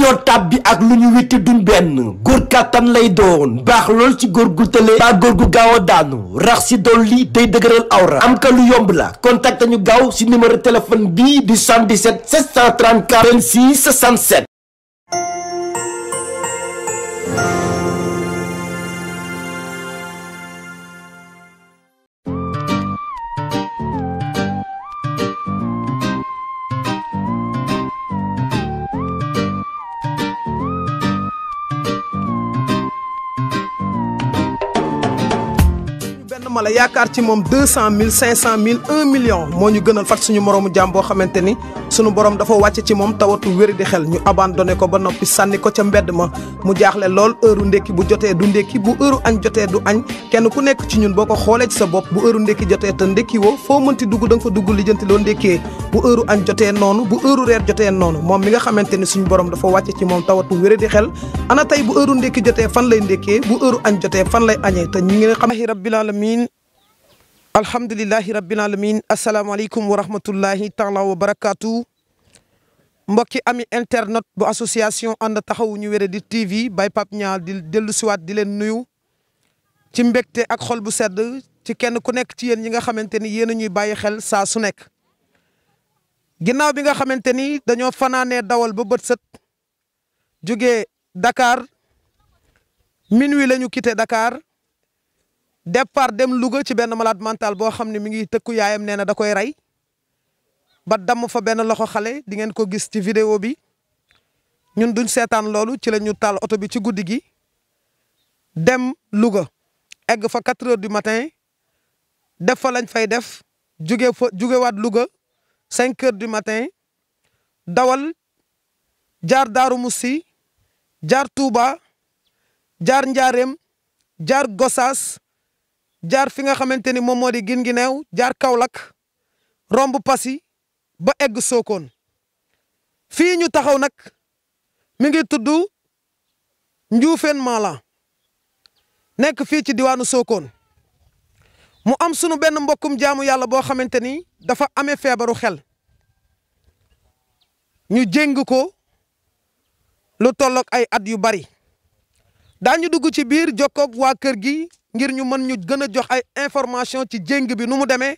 ñoo tàbbi ak lu ñu witti duñ benn góor kàttan lay doon baax lool ci góor gu tële ba góor gu gaaw a daanu rax si dool lii day dëgëral awra am ka lu yomb la contacté ñu gaaw si numéro téléphone bii di 77 734 26 67 yàlla yaakaar ci moom deux cent mille cinq cent mille un million moo ñu gënal fat suñu moroomu jaam boo xamante ni suñu borom dafa wàcc ci moom tawatu wéri di xel ñu abandonné ko ba noppi sànni ko ca mbedd ma mu jaaxle lool heure ndékki bu jotee du ndékki bu heure añ jotee du kenn ku nekk ci ñun boo ko xoolee ci bopp bu heure ndékki jotee te ndékki woo foo mënti dugg da nga fa dugg lijjanti loo ndékkee bu heure añ jotee noonu bu heure reer jotee noonu moom mi nga xamante ni suñu borom dafa wàcc ci moom tawatu wéri di xel ana tey bu heure ndékki jotee fan lay ndékkee bu heure añ jotee fan lay añee te ñi nga xam rabbil alamin alhamdulilahi rabbil alamin asalaamaaleykum wa rahmatullahi taala wa barakaatu mbokki ami internet bu association ànd taxawu ñu wéré di TV Baye Pape Niang di dellu siwaat di leen nuyu ci mbegte ak xol bu sedd ci kenn ku nekk ci yeen ñi nga xamante ni yéen a ñuy bàyyi xel saa su nekk ginnaaw bi nga xamante ni dañoo fanaane dawal ba bët set jógee Dakar minuit la ñu quitté Dakar départ dem Louga ci benn malade mental boo xam ne mu ngi tëkku yaayam nee na da koy rey ba damm fa benn loxo xale di ngeen ko gis ci vidéo bi ñun duñ seetaan loolu ci la ñu taal oto bi ci guddi gi dem Louga egg fa 4 heures du matin def fa lañ fay def juge fa jugewaat Louga cinq heures du matin dawal jaar Daaru Musi jaar tuuba jaar Njaareem jaar Gosaas. jaar fi nga xamanteni mom modi gin gi new jaar kaolak rombu passi ba egg sokon fi ñu taxaw nak mi ngi tuddu njufen Mala nek fi ci diwanu sokon mu am suñu ben mbokum jaamu yalla bo xamanteni dafa amé febaru xel ñu jeng ko lu tolloog ay at yu bari dañu dugg ci bir jokkok wa kër gi ngir ñu mën ñu gën a jox ay information ci jéng bi nu mu demee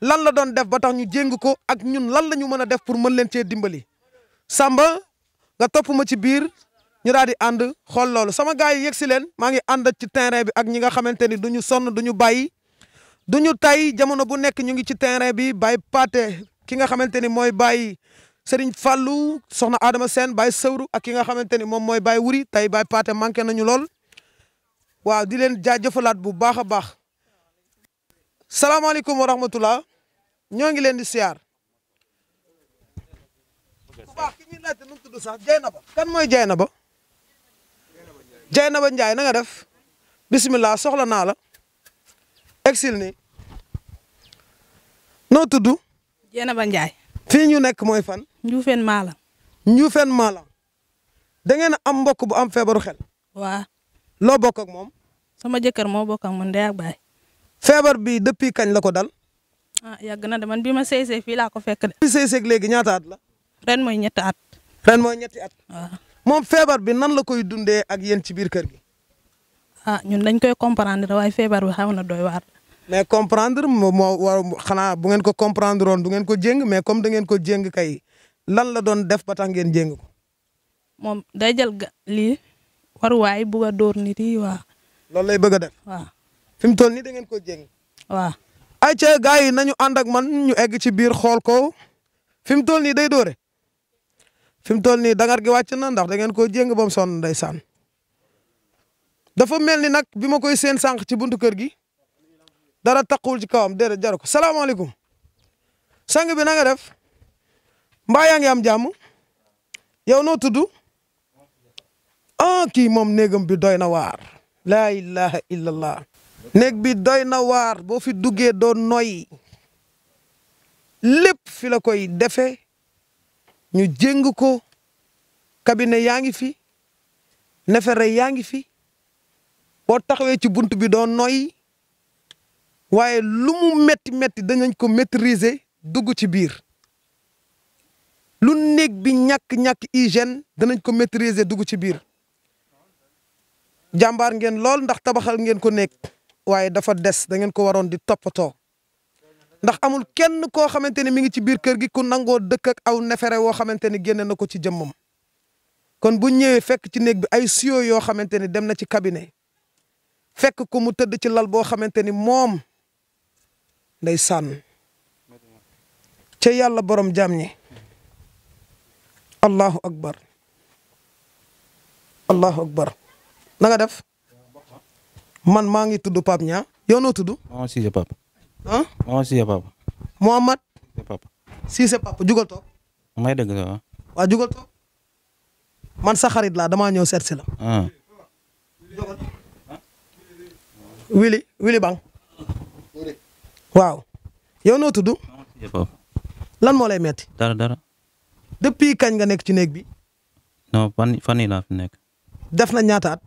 lan la doon def ba tax ñu jéng ko ak ñun lan la ñu mën a def pour mën leen cee dimbali. Samba nga topp ma ci biir ñu daal di ànd xool loolu sama gars yi yegg si leen maa ngi ànd ci terrain bi ak ñi nga xamante ni du ñu sonn du ñu bàyyi du ñu tay jamono bu nekk ñu ngi ci terrain bi bàyyi paate ki nga xamante ni mooy bàyyi. Sëriñ fallu soxna Adama seen Baye Sëwru ak ki nga xamante ni moom mooy Baye Wuri tey Baye Paate manqué nañu lool waaw di leen jaajëfalaat bu baax a baax salaamaaleykum wa rahmatullah ñoo ngi leen di siar bu baax ki ñuy laajte nu mu tudd kan na nga def bismillah soxla na la exil ni noo tudd Jeynaba Njaay fi ñu nek moy fan mala ñu fen mala da ngeen am mbokk bu am febaru xel waaw Lo bok ak mom sama jëkkër mo bok ak man day ak bay feebar bi depuis kagn lako dal. ah yàgg na de man bi ma sey sey laa ko fekk de. bi sey ak legi ñata at la. ren moy ñetti at. ren moy ñetti at. mom ah. moom bi nan la koy dundé ak yeen ci biir kër gi. ah ñun dañ koy comprendre way feebar bi xawna doy war mais comprendre mo war xana bu ngeen ko comprendre on du ngeen ko jeng mais comme da ngeen ko jeng kay lan la doon def ba tax ngeen Mom, ko. mom day jël li waruwaay bugg a dóor nit yi wa loolu lay bëgg def. wa fim toll da ngeen ko jeng wa ay ci gaay yi nañu and ak man ñu egg ci biir xol ko fim mu toll nii day dóore fim toll nii dangar gi wacc na ndax da ngeen ko jéng bam son ndaysan dafa melni nak bima koy seen sank ci buntu kër gi dara taqul ci kawam déedéet jaru ko alaykum sang bi na nga def mbaa yaa ngi am yow noo tudd. ah kii moom néegam bi doy na waar laa ilaha illallah néeg bi doy na waar boo fi duggee doo noy lépp fi la koy defee ñu jéng ko cabinet yaa ngi fi nefere yaa ngi fi boo taxawee ci bunt bi doo noy waaye lu mu metti metti danañ ko maîtriser dugg ci biir lu néeg bi ñàkk-ñàkk hygiène danañ ko maîtriser dugg ci biir jambar ngeen lol ndax tabaxal ngeen ko nek waye dafa des da ngeen ko waron di topato ndax amul kenn ko xamanteni mi ngi ci biir kër gi ku nango dekk ak aw nefere wo xamanteni ne nako ci jëmum kon bu ñëwee fekk ci nek bi ay siyo yo xamanteni dem na ci cabinet fekk ko mu tëdd ci lal bo xamanteni mom moom nday sànn borom jamni allahu akbar allahu akbar na nga def man ma ngi tudd Pape Niang yow noo tudd. Maman Cissé Pape. ah je pap mohammed je pap si se pap jugal toog. may deug la ah. wa jugal toog man sa xarit la dama ah. ñew set ci la. jugal wili wili Bang. wow, yow noo tudd. lan mo lay metti dara dara. depuis kañ nga nek ci nek bi. non fani fani la fi nek def na ñaata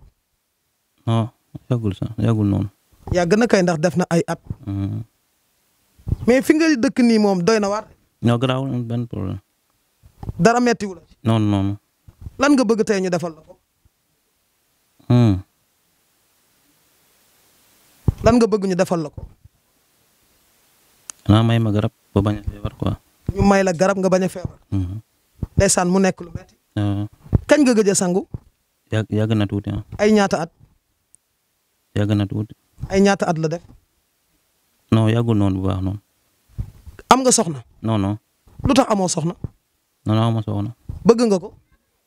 waaw ah, yàggul sax yàggul noonu. yàgg na kay ndax def na ay at. Hmm. mais fi nga dëkk nii moom doy na waar. ñoo benn problème. dara mettiwu la. noonu non. lan nga bëgg tey ñu defal la ko. Hmm. lan nga bëgg ñu defal la ko. naa may ma garab ba bañ feebar quoi. ñu may la garab nga bañ a feebar. Hmm. ndeysaan mu nekk lu metti ah. kañ nga gëj a sangu. yàgg yàgg na tuuti ah. ay yàgg na tuuti. ay ñaata at la def. non yàggul noonu bu baax noonu. am nga soxna. non non. lu tax amoo soxna. non non amoo soxna. bëgg nga ko.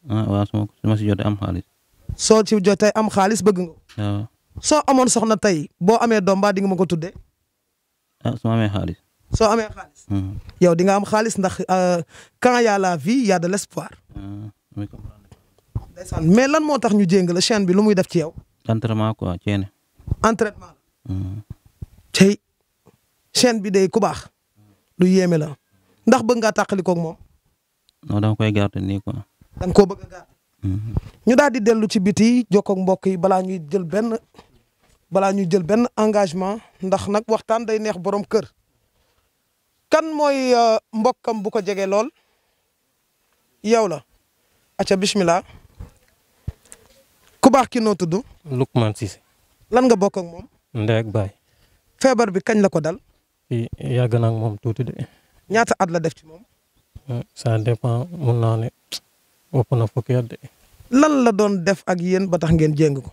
ah waaw su ma si jotee am xaalis. So, ci jotee am xaalis bëgg nga ko. waaw. soo soxna tey boo amee doom ba di nga ah su ma amee xaalis. soo amee xaalis. Hmm. yow di nga am xaalis ndax euh, quand la vie ya de l'espoir. Ah, mais lan moo tax ñu jéng la chaîne bi lu muy def ci yow. quoi entraînement tey chaîne bi day ku baax lu yéeme la ndax bëgg ngaa tàqali koog moom. non dama koy garder ni ko da nga koo bëgg a mhm. ñu daal di dellu ci biti jokkoog mbokk yi balaa ñuy jël benn balaa ñuy jël benn engagement ndax nag waxtaan day neex boroom kër. kan mooy euh, mbokkam bu ko jege lool yow la. acca bismillah ku baax ki noo tudd. lan nga bokk ak moom. ndey ak feebar bi kañ la ko dal. fii yàgg na moom tuuti de. ñaata at la def ci moom. Hmm, ça dépend mun naa ne na fukki at lan la doon def ak yéen ba tax ngeen jéng ko.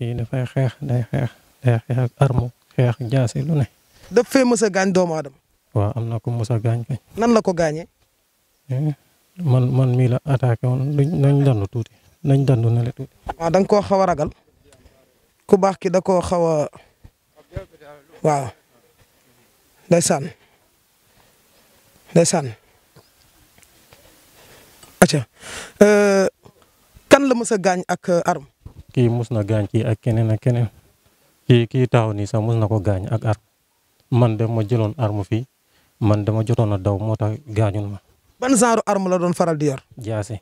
kii dafay xeex day xeex day xeex ak arme xeex jaasi lu ne. daf fee mës a gaañ doomu aadama. waaw am na ko mës a gaañ kay. nan la ko gaañee. Eh, man man mii la attaqué woon nañ dandu tuuti nañ dandu ne la tuuti. waaw ah, da ko koo xaw a ragal. ku baax ki da koo xaw a waaw ndeysaan ndeysaan acca euh, kan la mës a gaañ ak euh, arme kii mus na gaañ kii ak keneen ak keneen kii kii taxaw nii sax mus na ko gaañ ak arme man de ma jëloon arm fii man dama jotoon a daw moo tax gaañul ma ban genre arme la doon faral di yor jaasi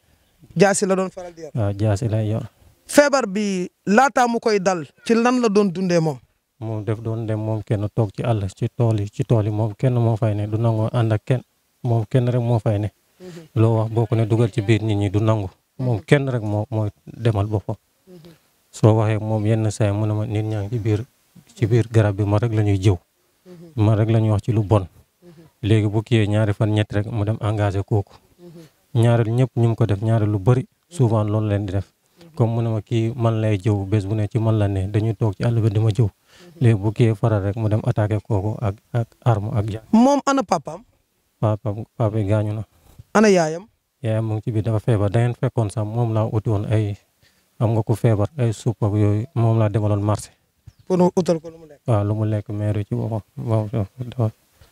jaasi la doon faral di yor waaw ah, jaasi lay yor feebar bi laataa mu koy dal ci lan la doon dundee moom. moom def doon dem moom kenn toog ci àll ci tool yi ci tool yi moom kenn moo fay ne du nangu ànd ak kenn moom kenn rek moo fay ne. Mhm. loo wax boo ko ne dugal ci biir nit ñi du nangu mhm. moom kenn rek moo mooy demal boppam. Mhm. soo waxee moom yenn saa yi mu ne ma nit ñaa ngi ci biir ci biir garab bi ma rek la ñuy jëw. ma rek la ñuy wax ci lu bon. léegi bu kiyee ñaari fan ñett rek mu dem engagé kooku. ñaareel ñëpp ñu ngi ko def ñaareel lu bari souvent loolu leen di def. comme mu ne ma kii man lay jëw bés bu ne ci man la ne dañuy toog ci àll bi dama jëw léegi bu kii faral rek mu dem attaqué kooku ak ak arme ja moom ana papaam papaam papa gaañu na ana yaayam mu ngi ci biir dafa feebar dangeen fekkoon sax moom laa uti woon ay am nga ko feebar ay yooyu moom laa demaloon marché pour utal ko lu lu mu lekk maire ci boppam waaw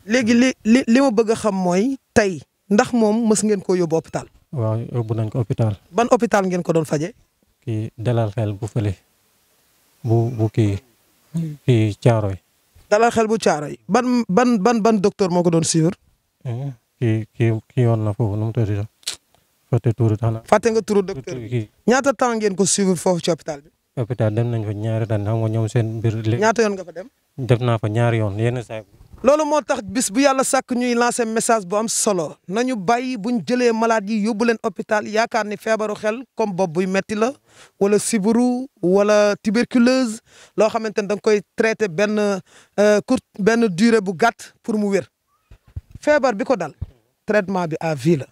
léegi li li li ma bëgg xam mooy tey ndax moom mës ngeen koo yóbbu hôpital waaw yóbbu nañ ko hôpital ban hôpital ngeen ko doon faje kii dalal xel bu fële bu bu kii kii caaroy. dalal xel bu caaroy ban ban ban ban docteur moo ko doon suivre. Eh, kii kii kii yoon na foofu nu mu tudd fàtte tuuru xanaa. fàtte nga tuuru docteur bi ñaata temps ngeen ko suivre foofu ci hôpital bi. hôpital dem nañ fa ñaari daan xam nga ñoom seen mbir. ñaata yoon nga fa dem. def naa fa ñaari yoon yenn saa lolu moo tax bis bu yalla sak ñuy lancer message bu am solo nañu bayyi buñ maladi malade yi yobul len hôpital yaakar ni fièvre xel comme bob bu metti la wala siburu, wala tuberculose lo xamantene dang koy traiter ben euh, courte ben durée bu gatt pour mu wër fièvre biko dal traitement bi à vie la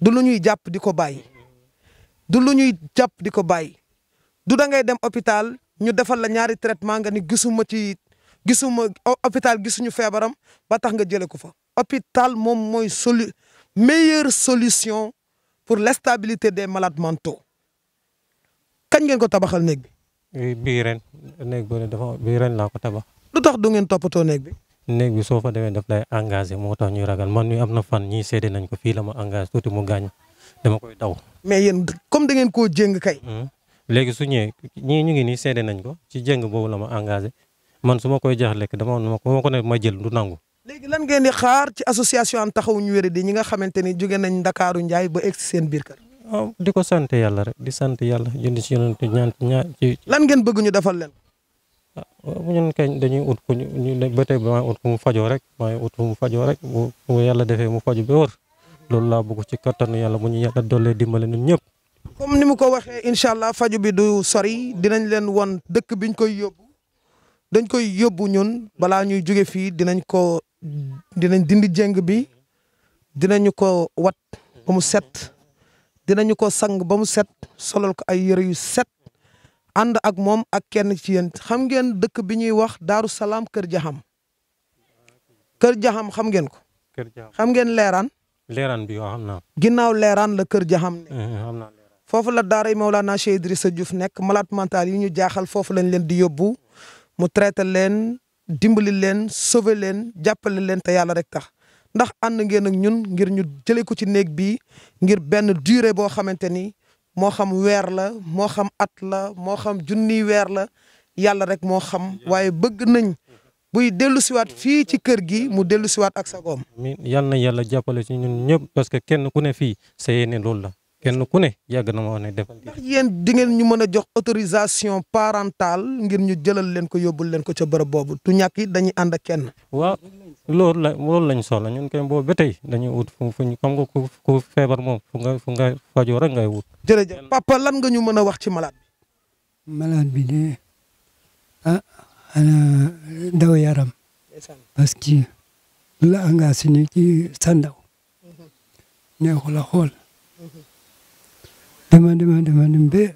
du lu ñuy di ko Dulu du lu ñuy di ko du da ngay dem hôpital ñu defal la ñaari traitement nga ni gisuma ci gisuma hôpital gisuñu feebaram ba tax nga jëlee ko fa. hôpital moom mooy solu meilleure solution pour l' stabilité des malades mentaux kañ ngeen ko tabaxal néeg bi. bii ren néeg bi dafa bii ren laa ko tabax. lu tax du ngeen toppatoo néeg bi. néeg bi soo fa demee daf lay engagé moo tax ñuy ragal man mi am na fan ñii seede nañ ko fii la ma engagé tuuti mu gaañ dama koy daw. mais yéen comme da ngeen koo jéng kay. Hmm? léegi su ñëwee ñii ñu ngi nii seede nañ ko ci jéng boobu la ma engagé man suma koy jax lek dama ma ko ne ma jël du nangu. legui lan ngeen di xaar ci association am taxaw ñu wéré di ñi nga xamanteni ni nañ dakaru ndjay ba ex seen kër. Ah, di ko yalla rek di sante yalla jënd ci yonent ñaan ci. lan ngeen bëgg ñu defal leen. Ah, bu ñun kañ dañuy ut ku ñu ba tay ba ut ku mu fajo rek maa ut ku mu fajo rek bu yalla yàlla mu fajo bi wor loolu la bëgg ci carton yalla bu ñu yalla dolé dimbalé ñun ñëpp. comme ni mu ko waxé inshallah allah bi du sori dinañ leen won dëkk biñ koy yobbu dañ koy yobbu ñun bala ñuy joggé fi dinañ ko dinañ dindi jeng bi dinañ ko wat ba mu set dinañ ko sang ba mu set solal ko ay yere yu set and ak mom ak kenn ci yent xam ngeen dekk bi ñuy wax daru salam Kër jaham Kër jaham xam ngeen ko. Kër jaham xam ngeen leran leran bi xam naa. ginnaaw leeraan la Kër Jaxam. Eh, eh, xam naa fofu la daray maulana Cheikh Idrissa Diouf nek malade mental yi ñu jaaxal fofu lañ leen di mu traité leen dimbali leen sauvé leen jàppale leen te yàlla rek tax ndax ànd ngeen ak ñun ngir ñu jëlee ko ci néeg bi ngir benn dure boo xamante ni moo xam weer la moo xam at la moo xam junniy weer la yàlla rek moo xam waaye bëgg nañ buy dellu siwaat fii ci kër gi mu dellu siwaat ak sagoom yal na yàlla jàppale ci ñun ñëpp parce que kenn ku ne fii sa yeneen loolu la kenn ku ne yàgg na ma wax ne defal ndax yéen di ngeen ñu mën a jox autorisation parentale ngir ñu jëlal leen ko yóbbul leen ko ca bërëb boobu du ñàkk it dañuy ànd ak kenn. waaw loolu la loolu lañ soxla ñun kay boobu ba tey dañuy ut fu fu ñu xam nga ku ku feebar moom fu nga fu nga fajoo rek ngay wut. jërëjëf papa lan nga ñu mën a wax ci malade bi. bi de ah xanaa daw yaram. parce que la engagé ni ci sandaw mhm. neexu la xool. Mhm. dama dama dama dem ba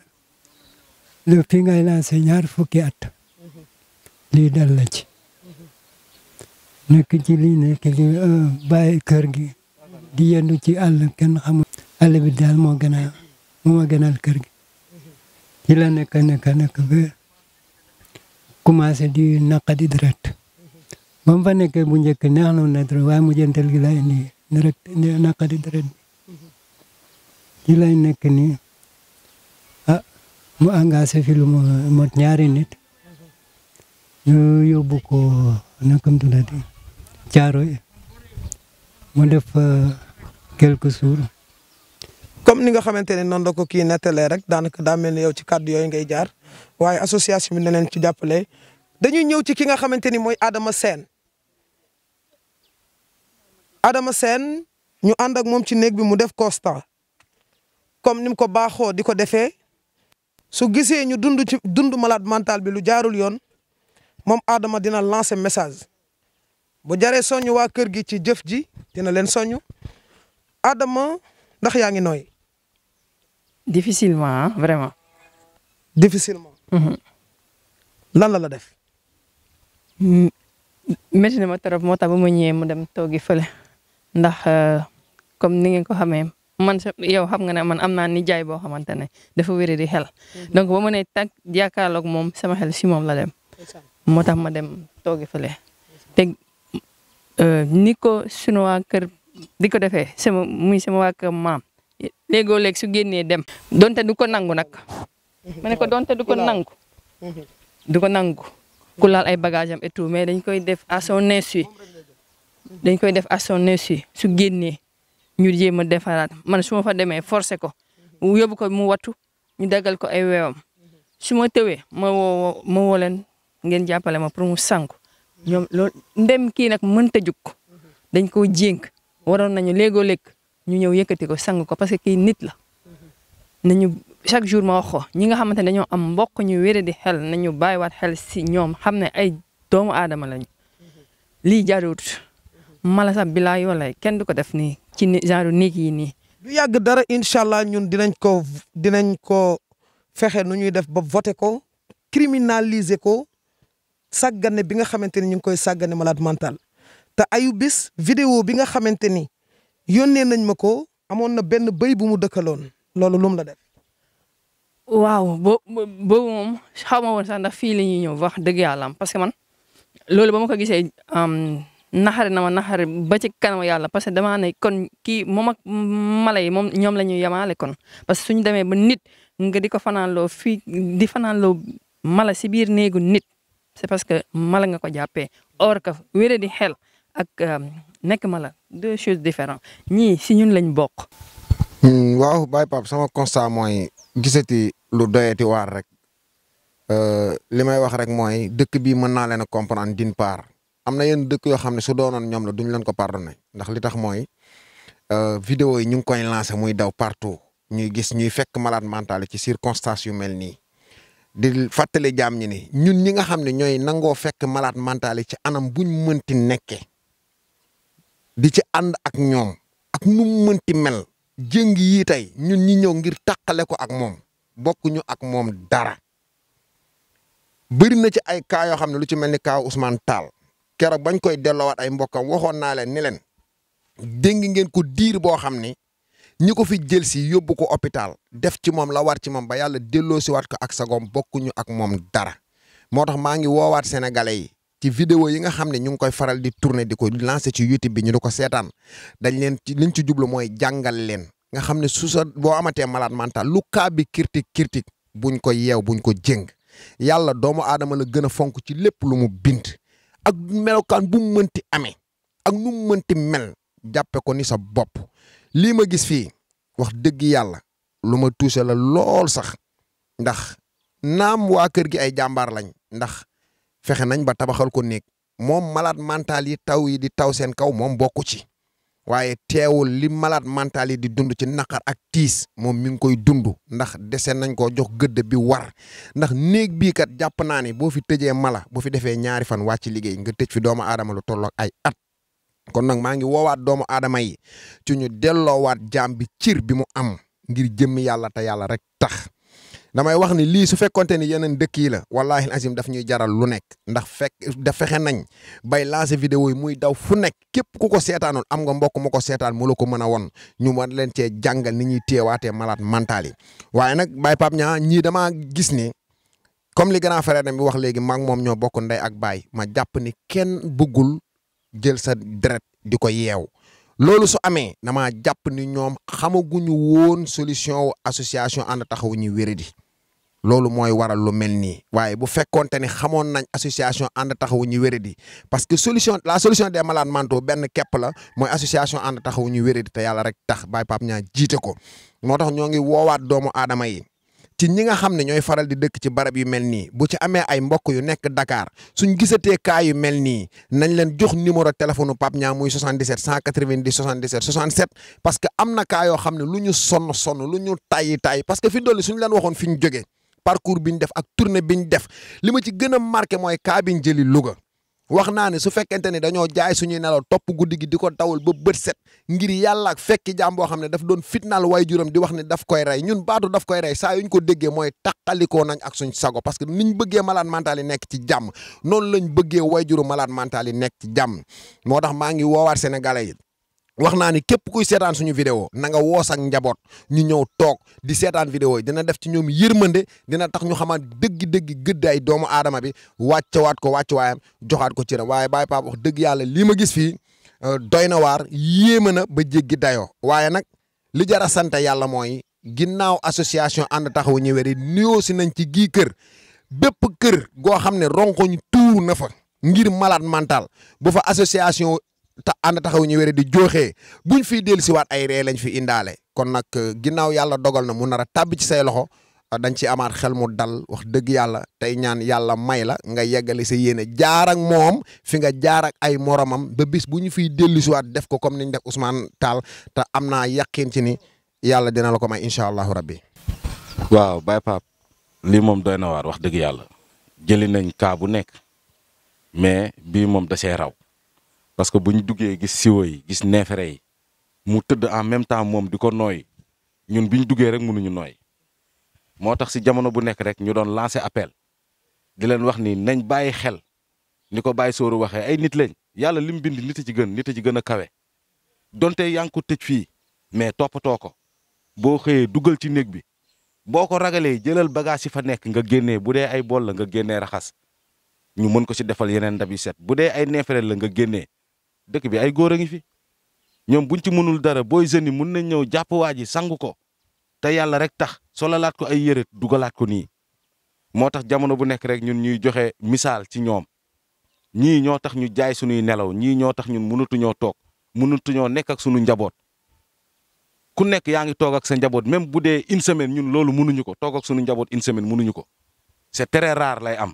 le fi ngay lancé ñaar fukki at lii dal la ci nekk ci lii nekk li euh, bàyyi kër gi di yendu ci àll kenn xamul àll bi daal moo gën a moo ma gënal kër gi ci la nekk nekk nekk ba commencé di naqadi deret ba mu fa nekkee bu njëkk neex na woon na deret waaye mujjantal gi laa indi deret naqadi deret ci lay nekk nii ah mu engagé fi lu ñaari nit ñu yóbbu ko nakam tuddati caaro yi mu def quelques jours. comme ni nga xamante ne noonu la ko kii nettalee rek daanaka daa mel ni yow ci kàddu yooyu ngay jaar waaye association bi na ci jàppale dañuy ñëw ci ki nga xamante ni mooy Adama seen Adama seen ñu ànd ak moom ci néeg bi mu def constat. comme ni mu ko baaxoo di ko defee su gisee ñu dund ci dund malade mental bi lu jaarul yoon moom Adama dina lancer message bu jaree soñu waa kër gi ci jëf ji dina leen soñu Adama ndax yaa ngi nooy. difficilement vraiment. difficilement. Mhm. lan la la def. métti na ma trop moo tax ba ma ñëwee mu dem toogi fële ndax euh, comme ni ngeen ko xamee. man sa yow xam nga ne man am naa nijaay boo xamante ne dafa wéri di xel. Mhm. donc ba ma ne tànk jàkkaarloog moom sama xel si moom la dem. moo tax ma dem toogi fële. te euh, ni ko sunu waa di ko defee sama muy sama waa kër maam léegoo léeg su génnee dem. donte du ko nangu nag. ma ne ko donte du ko nangu. Mhm. du ko nangu. ku laal ay bagage am et tout mais dañ koy def à son insu dañ koy def à son insu ñu jéem a defaraat man su ma fa deme forcé ko yóbbu ko mu watu ñu dagal ko ay weewam su ma tëwee ma woo ma woo leen ngeen jàppale ma pour mu sànku ñoom loolu ndem kii nag mënta jug dañ koo jénk waroon nañu léegoo léeg ñu ñëw yëkkati ko sang ko parce que kii nit la nañu chaque jour ma wax ko ñi nga xamante ne am mbokk ñu wéré di xel nañu bàyyiwaat xel si ñoom xam ne ay doomu aadama lañu lii jaaduwut mala sax bilaay wala ko def nii ci genre néeg yi nii. lu yàgg dara incha allah ñun dinañ ko dinañ ko fexe nu ñuy def ba voté ko criminaliser ko saggane bi nga xamante ni ñu ngi koy sàggane malade mental te ayu bis vidéo bi nga xamante ni yónnee nañ ma ko amoon na benn béy bu mu dëkkaloon loolu lum la def. waaw bo boobu moom xaw ma woon sax ndax fii la ñuy ñëw wax dëgg yàlla parce que man loolu ko gisee. nahar na ma naxare ba ci kanam yalla parce que dama ne kon ki mom ak malay mom ñom lañu la kon parce que suñu démé ba nit nga diko fanalo fi di fanalo mala ci bir néegu nit c'est parce que mala nga ko jappé or que wéré di xel ak euh, nek mala deux choses différentes ñi si ñun lañ bok hmm waaw bay pap sama constat moy gisati lu doyati war rek euh limay wax rek moy dëkk bi mëna naa leen comprendre d'une part. Amna na dekk yo xamne su doonon ñom la duñ leen ko pardonné ndax li tax euh vidéo yi ñu ngi koy lancer muy daw partout ñuy gis ñuy fekk malade mental ci circonstances yu mel di fatale jam ñi ni ñun ñi nga xamne ñoy nango fekk malade mental ci anam buñ mënti nekké di ci and ak ñom ak nu mënti mel jëng yi tay ñun ñi ñow ngir takalé ko ak mom bokku ñu ak mom dara bari na ci ay ka yo xamne lu ci melni ka Ousmane Tall keroog bañ koy delloowaat ay mbokkam waxoon naa leen ni leen dénk ngeen ko diir boo xam ni ñi ko fi jël si yóbbu ko hôpital def ci moom la war ci moom ba yàlla delloo si ko ak sagoom bokkuñu ak moom dara moo tax maa ngi woowaat sénégalais yi ci video yi nga xam ne ñu ngi koy faral di tourner di ko lancer ci YouTube bi ñu di ko seetaan dañ leen ci liñ ci jublu mooy jàngal leen nga xam ne suusa sa boo amatee malade mental lu kaa bi critique critique buñ ko yeew buñ ko jéng yàlla doomu aadama la gën a fonk ci lépp lu mu bind ak melokaan bu mu mënti amee ak nu mu mënti mel jàppe ko ni sa bopp lii ma gis fii wax dëgg yàlla lu ma tuuse la lool sax ndax naam waa kër gi ay jàmbaar lañ ndax fexe nañ ba tabaxal ko néeg moom malade mental yi taw yi di taw seen kaw moom bokku ci waaye teewul li malaat mental yi di dund ci naqar ak tiis moom mi ngi koy dund ndax dese nañ ko jox gëdd bi war ndax néeg bii kat jàpp naa ne boo fi tëjee mala bu fi defee ñaari fan ci liggéey nga tëj fi doomu aadama lu tolloog ay at. kon nag maa ngi woowaat doomu aadama yi ci ñu delloowaat jaam bi cir bi mu am ngir jëmmi yàlla te yàlla rek tax. damay wax ni lii su fekkonte ni yeneen dëkk yi la wallaahi daf ñuy jaral lu nekk ndax fekk da fexe nañ bay lancé vidéo yi muy daw fu nekk képp ku ko seetaanoon am nga mbokk mu ko seetaan mu la ko mën a won ñu mën leen cee jàngal ni ñuy téewaatee malade mental yi waaye nag Baye Pape ñaa ñii damaa gis ni comme li grand frère bi wax léegi maag moom ñoo bokk ndey ak baay ma jàpp ni kenn bëggul jël sa deret di ko yeew loolu su amee damaa jàpp ni ñoom xamaguñu woon solution wu association ànd taxawu ñi wéradi loolu mooy waral lu mel nii waaye bu fekkoonte ni xamoon nañ association ànd taxawu ñu wéradi parce que solution la solution des malades mentaux benn képp la mooy association ànd taxawu ñu wéradi te yàlla rek tax Baye Pape Niang jiite ko moo tax ñoo ngi woowaat doomu aadama yi ci ñi nga xam ne ñooy faral di dëkk ci barab yi mel nii bu ci amee ay mbokk yu nekk Dakar suñ gisatee cas yu mel nii nañ leen jox numéro téléphone Pape Niang muy 77 190 77 67 parce que am na cas yoo xam ne lu ñu sonn sonn lu ñu tayyi tayyi parce que fi dolli suñ leen waxoon fi ñu jógee parcours bi ñu def ak tournée bi ñu def li ma ci gën a marqué mooy cas bi ñu jëli Louga wax naa ne su fekkente ne dañoo jaay suñu nelaw topp guddi gi di ko dawal ba bët set ngir yàlla ak fekki jaam boo xam ne daf doon fitnaal waajuram di wax ne daf koy rey ñun baatu daf koy rey saa yuñ ko déggee mooy taqalikoo nañ ak suñ sago parce que niñ bëggee malade mantali nekk ci jàmm noonu lañ bëggee waajuru malade mental yi nekk ci jàmm moo tax maa ngi woowaat sénégalais yi wax naa ni képp kuy seetaan suñu vidéo na nga woos njaboot ñu ñëw toog di seetaan vidéo yi dina def ci ñoom yërmande dina tax ñu xamaat dëgg-dëgg gëddaay doomu aadama bi wàccawaat ko wàccuwaayam joxaat ko cëram waaye baay Pape wax dëgg yàlla lii ma gis fii euh, doy na waar yéeme na ba jéggi dayoo waaye nag li jar a sant yàlla mooy ginnaaw association ànd taxawu ñi wér yi nuyoo si nañ ci gii kër bépp kër goo xam ne ronkoñ tuuru na fa ngir malade te ànd taxaw ñu wéré di bu ñu buñ fiy dellusiwaat ay ree lañ fi indaale kon nag euh, ginnaaw yàlla dogal na mu nar a tàbbi ci say loxo euh, dañ ci amaat xel mu dal wax dëgg yàlla tey ñaan yàlla may la nga yeggale sa yéene jaar ak moom fi nga jaar ay moromam ba bis bu ñu fiy dellusiwaat def ko comme niñ def Ousmane Tall te am naa yaqin ci ni yàlla dina la ko may incha allahu rabbi. waaw Baye Pape lii moom doy na waar wax dëgg yàlla jëli nañ kaa bu nekk mais bii moom da see raw. parce que bu ñu duggee gis siwo yi gis neefere yi mu tëdd en même temps moom di ko nooy ñun bi ñu duggee rek mënuñu nooy moo tax si jamono bu nekk rek ñu doon lancer appel di leen wax ni nañ bàyyi xel ni ko bàyyi sóoru waxee ay nit lañ yàlla lim bind nit a ci gën nit a ci gën a kawe donte yaa ngi ko tëj fii mais toppatoo ko boo xëyee dugal ci néeg bi boo ko ragalee jëlal bagage yi fa nekk nga génnee bu dee ay bool la nga génnee raxas ñu mën ko si defal yeneen ndab yu set bu dee ay neefere la nga génnee dëkk bi ay góor a ngi fi ñoom buñ ci mënul dara booy jeunes yi mun na ñëw jàpp waa ji sangu ko te yàlla rek tax solalaat ko ay yëre dugalaat ko nii moo tax jamono bu nekk rek ñun ñuy joxe misaal ci ñoom ñii ñoo tax ñu jaay suñuy nelaw ñii ñoo tax ñun mënatuñoo toog mënatuñoo nekk ak suñu njaboot ku nekk yaa ngi toog ak sa njaboot même bu dee une semaine ñun loolu mënuñu ko toogak ak suñu njaboot une semaine mënuñu ko c'est très rare lay am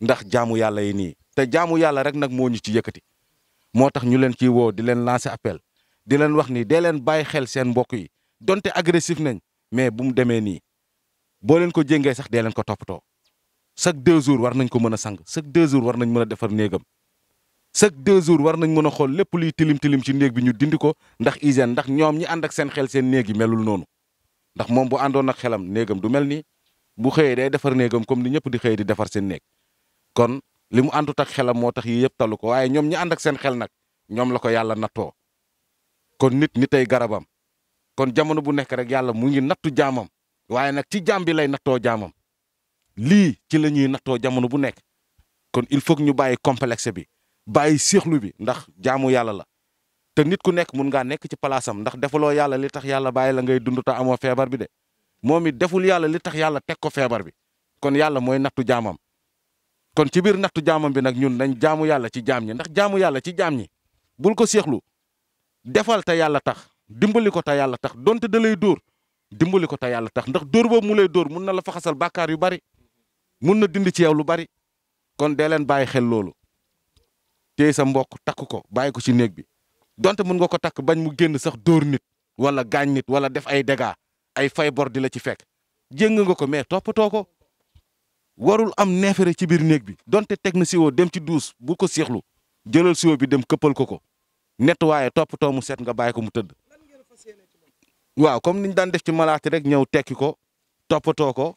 ndax jaamu yàlla yi nii te jaamu yàlla rek nag moo ñu ci yëkkati moo tax ñu leen ciy woo di leen lancer appel di leen wax ni dee leen bàyyi xel seen mbokk yi donte agressif nañ mais bu mu demee nii boo leen ko jéngee sax dee leen ko toppatoo chaque deux jours war nañ ko mën a sang chaque deux jours war nañ mën a defar néegam chaque deux jours war nañ mën a xool lépp luy tilim tilim ci néeg bi ñu dindi ko ndax hygiène ndax ñoom ñi ànd ak seen xel seen néeg yi melul noonu ndax moom bu àndoon ak xelam néegam du mel nii bu xëyee day defar néegam comme ni ñëpp di xëyee di defar seen néeg li mu àndut ak xelam moo tax yi yëpp talu ko waaye ñoom ñi ànd ak seen xel nag ñoom la ko yàlla nattoo kon nit ni tey garabam kon jamono bu nekk rek yàlla mu ngi nattu jaamam waaye nag ci jaam bi lay nattoo jaamam lii ci la ñuy nattoo jamono bu nekk kon il faut ñu bàyyi complexe bi bàyyi séexlu bi ndax jaamu yàlla la te nit ku nekk mun ngaa nekk ci palaasam ndax defuloo yàlla li tax yàlla bàyyi la ngay dund te amoo feebar bi de moom i deful yàlla li tax yàlla teg ko feebar bi kon yàlla mooy nattu jaamam kon ci biir nattu jaamam bi nag ñun nañ jaamu yàlla ci jaam ñi ndax jaamu yàlla ci jaam ñi bul ko seexlu defal te yàlla tax dimbali ko te yàlla tax donte da lay dóor dimbali ko te yàlla tax ndax dóor boobu mu lay dóor mun na la fa xasal bàkkaar yu bari mun na dindi ci yow lu bari kon dee leen bàyyi xel loolu téye sa mbokk takk ko bàyyi ko ci néeg bi donte mun nga ko takk bañ mu génn sax dóor nit wala gaañ nit wala def ay dégâts ay fay bor di la ci fekk jéng nga ko mais toppatoo ko warul am neefere ci biir néeg bi donte teg na siwo dem ci duus bu ko seexlu jëlal siwo bi dem këppal ko ko nettuwaaye toppatoo mu set nga bàyyi ko mu tëdd. waaw comme niñ daan def ci malaati rek ñëw tekki ko toppatoo ko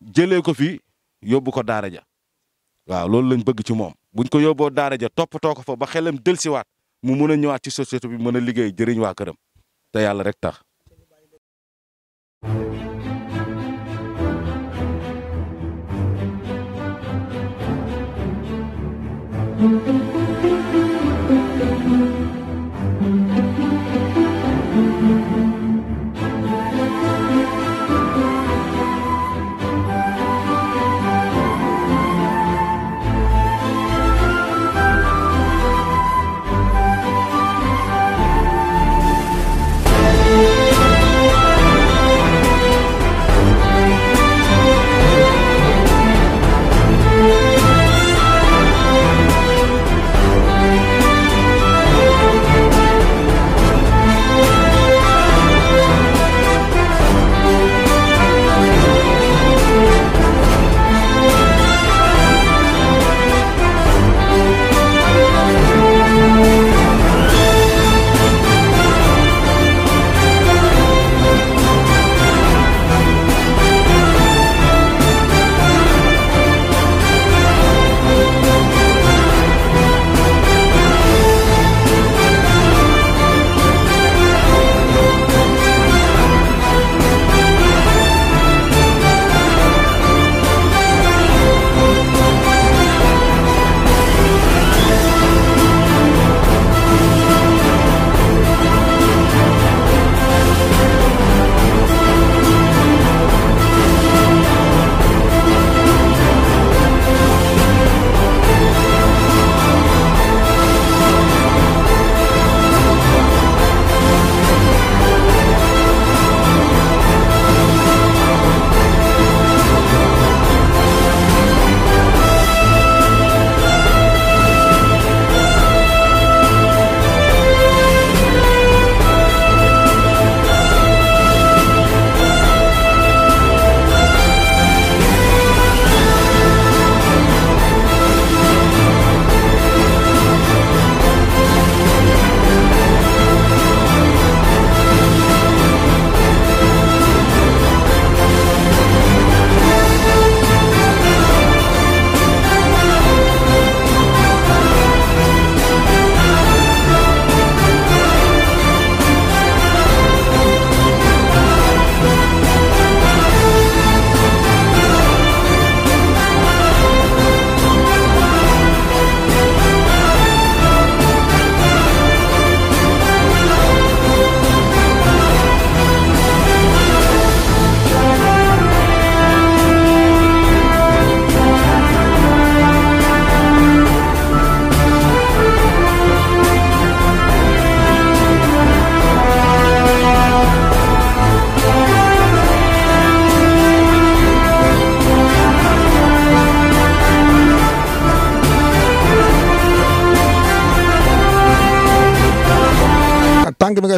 jëlee ko fi yóbbu ko daara ja waaw loolu lañ bëgg ci moom buñ ko yóbboo daara ja toppatoo ko fa ba xelam dellusiwaat mu mën a ñëwaat ci société bi mën a liggéey jëriñ waa këram te yàlla rek tax. thank you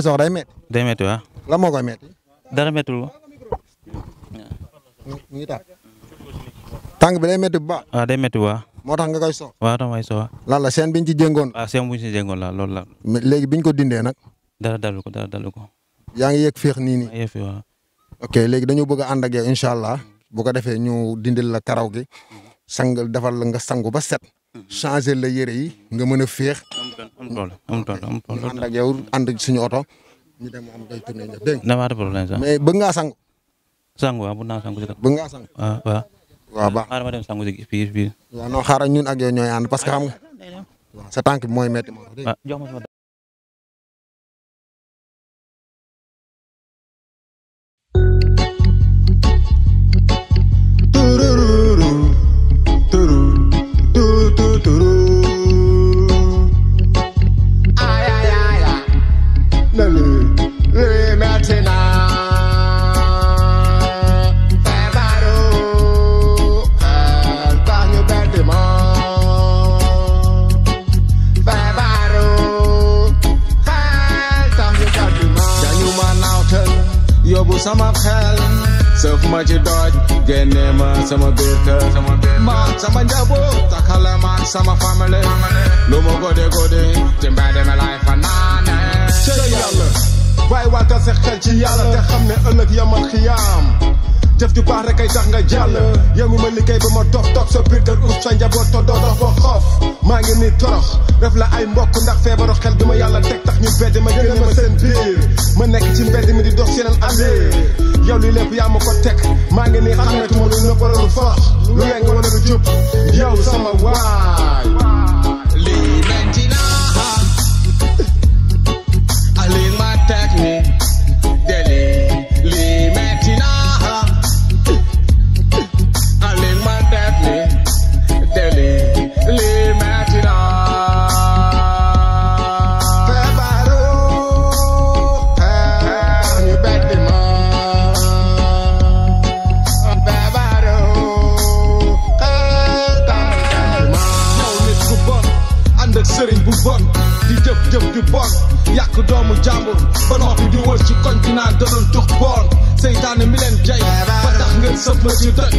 saison day metti day metti waaw la moo koy metti dara tangga ko mu ngi ba. tàng bi day metti bu baax waaw day metti bu baax moo la ci ah seen buñ ci jéngoon la loolu la léegi biñ ko dindee nag dara dalu ko dara dalu ko yaa ngi yëg féex nii nii waaw ok léegi dañu bëgg a ànd ak yow incha allah bu ko defee ñu dindil la karaw gi sangal defal la nga sangu ba set changer la yére yi nga mën a féex. amul amul amul ànd ak yow ànd suñu oto. ñu dem am ngay tourné ñëpp dégg nga. problème sax mais bëgg ngaa sangu. sangu a bëgg naa sangu si. bëgg ngaa sangu a ah, waaw. a baax xaaral ma dem sangu si fii fii. waaw xaaral ñun ak yow parce que xam nga. waaw mooy métti Some of sama xel sëfuma ci doj génne Some of biir some of sama njaboot some ma sama famille lu ma gode gode ci mbedd mi laay fanaane ci yàlla bàyyi waa ka sa xel ci yàlla te xam ne ëllëg yamal xiyaam jëf ju baax rek ay tax nga jàll yemu ma sa sa dox ngi ni torox def la ay mbokk ndax xel yàlla tax ñu ma ma seen ma ci mbedd mi di dox yow li lépp ma ko ngi ni lu lu wala yow sama waay you Duck.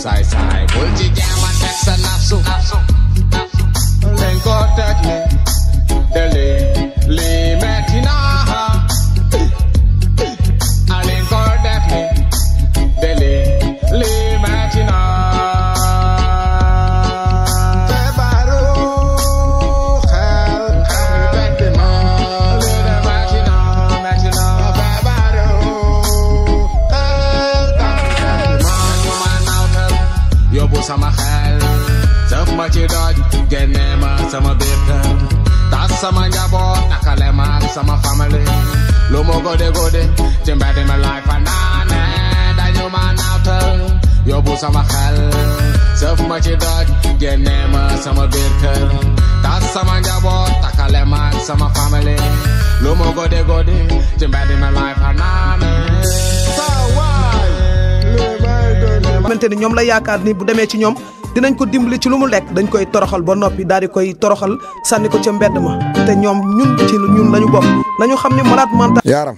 sai sai Multi-diamond, that's a nafsu, nafsu. of my family. Lomo gode gode, Jimbadi my life hanane. So why? xamante ni ñoom la yaakaar ni bu demee ci ñoom dinañ ko dimbali ci lu mu lekk dañ koy toroxal ba noppi daal di koy toroxal sànni ko ca mbedd ma te ñoom ñun ci ñun lañu bokk nañu xam ne malade mental. yaaram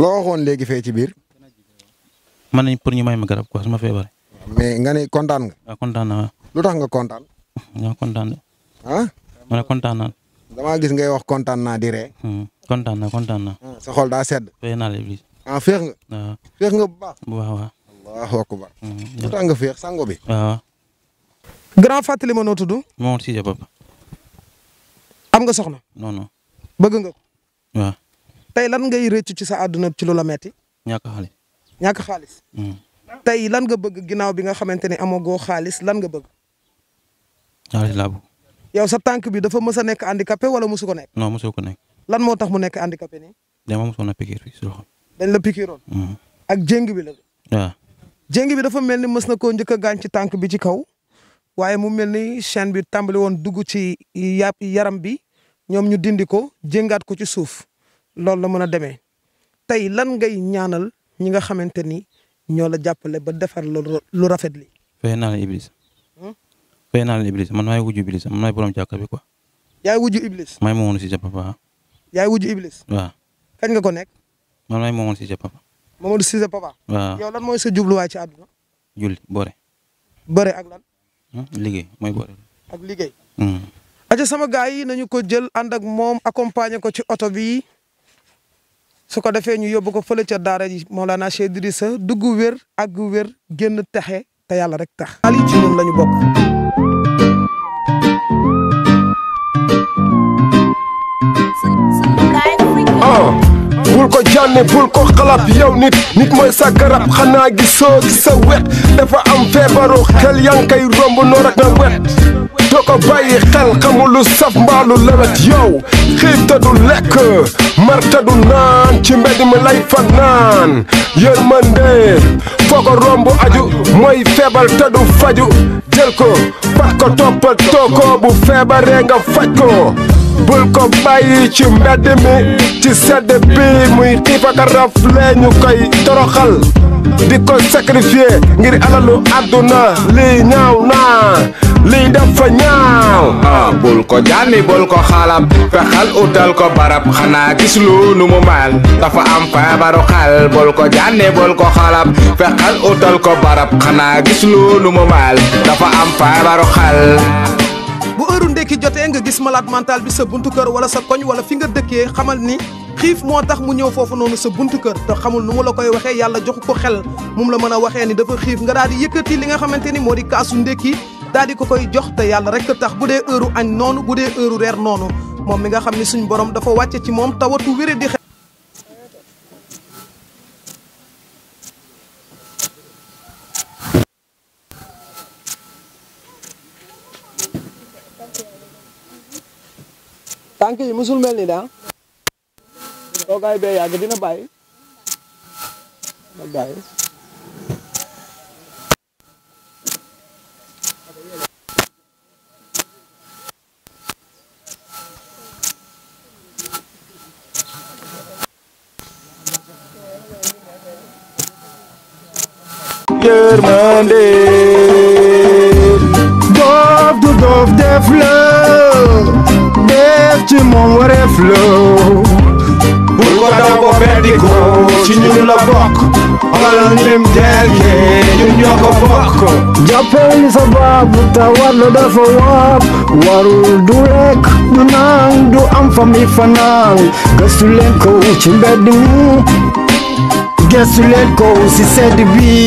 loo waxoon léegi fee ci biir. man nañ pour ñu may ma garab quoi su feebaree. mais nga ne kontaan nga. Ah, kontaan naa. lu tax nga kontaan. ñoo kontaan de. Ah? mana ne dama gis ngay wax kontaan naa di ree. Hmm, kontaan na kontaan na. Hmm, sa xol da sedd. feex naa léegi. ah feex nga. waaw feex nga bu baax. wa waaw. allahu akbar. hmm tax nga feex sango bi. wa grand fàttali ma noo tudd. Momar Cissé Papa. am nga soxna. non non. bëgg nga wa tay lan ngay rëcc ci sa aduna ci lula metti ñak ñàkk ñak ñàkk hmm tay lan nga bëgg ginaaw bi nga xamante ne amoo lan nga bëgg. xaalis la bëgg. yow sa tànk bi dafa mës a nekk handicapé wala mosu ko nekk. non mosu ko nekk. lan moo tax mu nekk handicapé nii. dama mosoon a pikiir fii si loxo. dañ la pikiiroon. Mm. ak jéng bi la. waaw. jéng bi dafa mel ni mës na koo njëkk a ci tànk bi ci kaw waaye mu mel ni chaîne bi tàmbali woon dugg ci yàpp yaram bi ñoom ñu dindi ko jéngaat ko ci suuf loolu la mën a demee tey lan ngay ñaanal ñi nga xamante ni ñoo la jàppale ba defar lu rafet li. penal iblis man may wujju iblis man may borom jakka bi quoi. yaay wujju iblis. mo won ci ja papa. yaay wujju iblis. wa kañ nga ko nek man mo won ci ja papa. ci ja papa. wa yow ya lan moy sa jubluwaay ci aduna julli boore. bëre ak hmm? lan. liggéey moy boore. ak hmm aja sama gaay yi nañu ko jël and ak mom accompagner ko ci auto bi su ko defé ñu yobbu ko fële ci daara ji Mawlana Cheikh Idrissa duggu wër ak wër genn taxé ta yalla rek tax. Ali ci ñun lañu bokk. bul ko jànni bul ko xalaat yow nit nit mooy sa garab xanaa gisoo ci sa wet dafa am feebaru xel yaa ngi romb noor ak na wet ko bàyyi xel xamul lu saf mbaalu lewet yow xiif te du lekk mar te du naan ci mbedd mi lay fanaan yërmande foo ko romb aju mooy feebal te du faju jël ko pax ko toppatoo ko bu feebaree nga faj ko bul ko bayyi ci mbedd mi ci sedd bi muy xiif ak raf ñu koy toroxal di ko sacrifier ngir alalu àdduna lii ñaaw naa lii dafa ñaaw bul ko jànni bul ko xalam fexal utal ko barab xanaa gis lu nu mu mel dafa am feebaru xel bul ko jànni bul ko xalam fexal utal ko barab xanaa gis lu nu mu mel dafa am feebaru xel ki jotee nga gis malaat mental bi sa buntu kër wala sa koñ wala fi nga dëkkee xamal ni xiif moo tax mu ñëw foofu noonu sa buntu kër te xamul nu mu la koy waxee yàlla joxu ko xel moom la mën a waxee ni dafa xiif nga daal di yëkkati li nga xamante ni moo di kaasu ndékki daal di ko koy jox te yàlla rek tax bu dee heure añ noonu bu dee heure reer noonu moom mi nga xam ni suñ borom dafa wàcce ci moom tawatu wéré di xel tanki yi musul mel ni daa toogaay bee yàgg dina bàyyi na bàyyi yërmande Alandim derke dunya kafako Japan sabab tawar da fawab warul durek dunang du am fami fanang gasulen ko chimbadmi gasulen ko si sedbi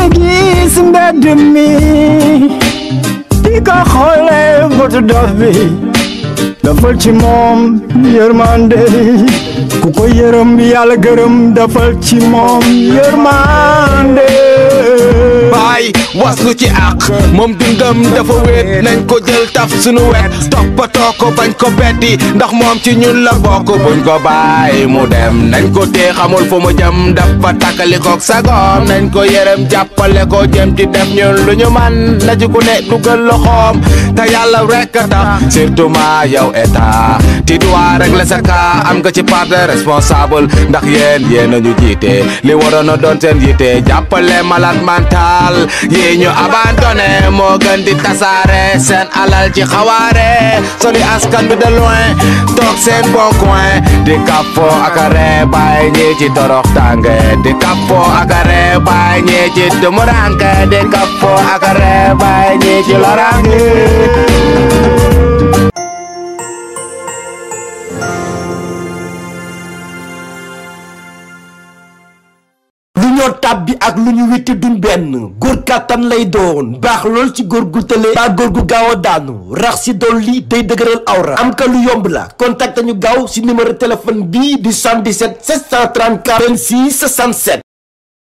yagi simbadmi Dika khole vurdu davi Da fırçimom yermandey ku ko yërëm yàlla gërëm dafal ci moom yërmande baay waslu ci àq moom dundam dafa wéet nañ ko jël taf suñu wet toppatoo ko bañ ko betti ndax moom ci ñun la bokk buñ ko bàyyi mu dem nañ ko tee xamul fu mu jëm dafa takkali koog sagoom nañ ko yërëm jàppale ko jëm ci dem ñun lu ñu man na ci ku ne dugal loxoom te yàlla rek a tax surtout ma yow état ti duwaa rek la sa kaa am nga ci part de responsable ndax yéen yéen a ñu jiite li waroon a doon seen yitte jàppale malade mental yi yi abandoné mo moo gën di tasaare seen alal ci xawaare sori askan bi de loin tok sen bon coin di capo akaré bay ñi ci torox tangé di capo akaré bay ñi ci dumuranké di capo akaré bay ñi ci lorangé dañoo bi ak lu ñu witti du benn góor kàttan lay doon baax lool ci góor gu tële ba góor gu gaaw a daanu rax si dolli tey dëgëral awra am ka lu yomb la contacté ñu gaaw si numéro téléphone bii di 77 734 26 67